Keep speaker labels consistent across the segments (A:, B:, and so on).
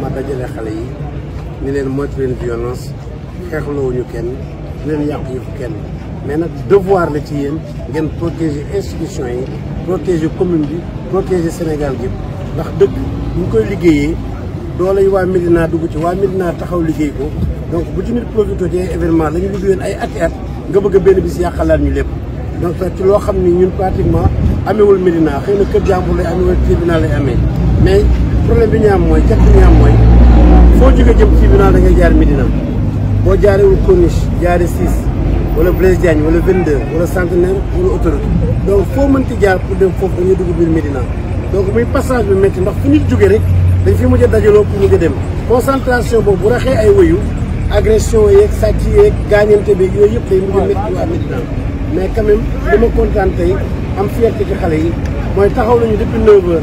A: ma dajale xale yi ni leen moytu leen violence xeexloowuñu kenn di leen yàq yëfu kenn mais nag devoir la ci yéen ngeen protéger institution yi protéger commune bi protéger Sénégal gi ndax dëkk ñu koy liggéeyee doolay waa Médina dugg ci waa Médina taxaw liggéey ko donc bu ci nit profité ci ay événement la ñu liggéeyoon ay ati at nga bëgg a benn bis yàqalaat ñu lépp donc ci loo xam ni ñun pratiquement amewul Médina xëy na kër jàmbur lay amewul tribunal lay amee mais problème bi ñu am mooy jàpp ñu am mooy foo jógee jëm tribunal da ngay jaar Médina boo jaarewul Corniche jaare siis wala Blaise Diagne wala 22 wala Centenaire wala Autoroute donc foo mënti jaar pour dem foofu dañuy dugg biir Médina donc muy passage bi métti ndax fu nit jógee rek dañ fi mujj a dajaloo pour mujj a dem concentration boobu bu raxee ay wëyu agression yeeg sàcc yeeg gaañante bi yooyu yëpp day mujj a métti waa Médina mais quand même li ma kontaan tey am fierté ci xale yi mooy taxaw nañu depuis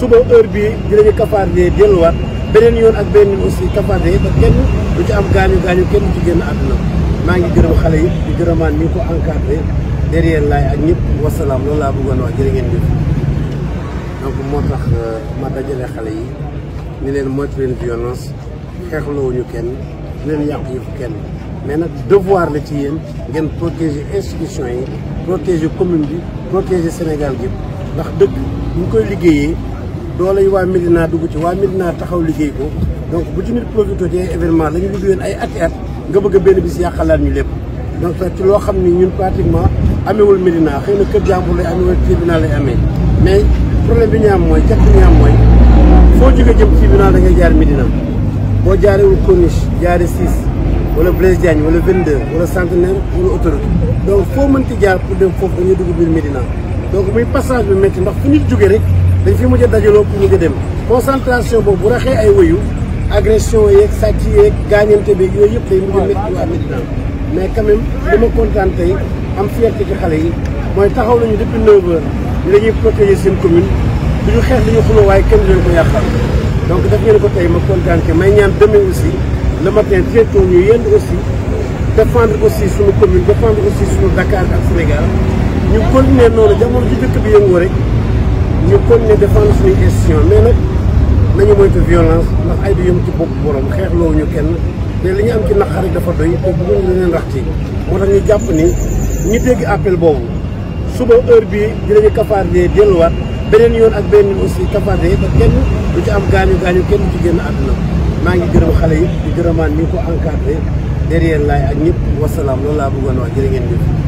A: suba heure bii dinañu kafaardee delluwaat beneen yoon ak benn aussi kafaardee ba kenn du ci am gaañu gaañu kenn du ci génn àdduna maa ngi gërëm xale yi di gërëmaan ñi ko encadré derrière laay ak ñëpp wasalaam loolu laa bëggoon wax jërë ngeen jëf donc moo tax euh, ma dajale xale yi ni leen moytu leen violence xeexloowuñu kenn du leen yàq yëfu kenn mais nag devoir la ci yéen ngeen protéger institution yi protéger commune bi protéger Sénégal gi ndax dëgg ñu koy liggéeyee doole yi waa Médina dugg ci waa Médina taxaw liggéey ko donc bu ci nit profité ci ay événement la ñu bëgg ay ati at nga bëgg a benn bis yàqalaat ñu lépp donc ci loo xam ni ñun pratiquement amewul Médina xëy na kër jàmbur lay amewul tribunal lay amee mais problème bi ñu am mooy cat bi am mooy foo jógee jëm tribunal da ngay jaar Médina boo jaarewul Corniche jaare siis wala Blaise Diagne wala 22 wala centenaire wala autorité donc foo mënti jaar pour dem foofu dañuy dugg biir Médina donc muy passage bi métti ndax fu nit jógee rek dañ fi mujj a dajaloo pour mujj dem concentration bo bu raxé ay wëyu agression yeeg sàcc yeeg gaañante bi yooyu yëpp day mujj a métti waa Médina mais quand même dama ma kontaan am fierté ci xalé yi moy taxaw nañu depuis 9 h ñu dañuy protéger sen commune duñu ñu xeex dañu way kenn du ko yàqal donc daf ñëne ko tay ma kontaan may ñaan demee aussi le matin très tôt ñu yend aussi défendre aussi suñu commune défendre aussi suñu Dakar ak Sénégal ñu continuer noonu jamono ji dëkk bi yëngoo rek ñu continuer défendre suñuy institution mais nag nañu moytu violence ndax ay du yëm ci bopp borom xeexloo ñu kenn te li ñu am ci naqari dafa doy te bëgguñ leneen rax ci moo tax ñu jàpp ni ñu dégg appel boobu suba heure bii dinañu kafaardee delluwaat beneen yoon ak beneen aussi kafaardee ba kenn du ci am gaañu gaañu kenn du ci génn àdduna maa ngi gërëm xale yi di gërëmaan ñu ko encadré derrière laay ak ñëpp wasalaam loolu laa bëggoon wax jërë ngeen jëf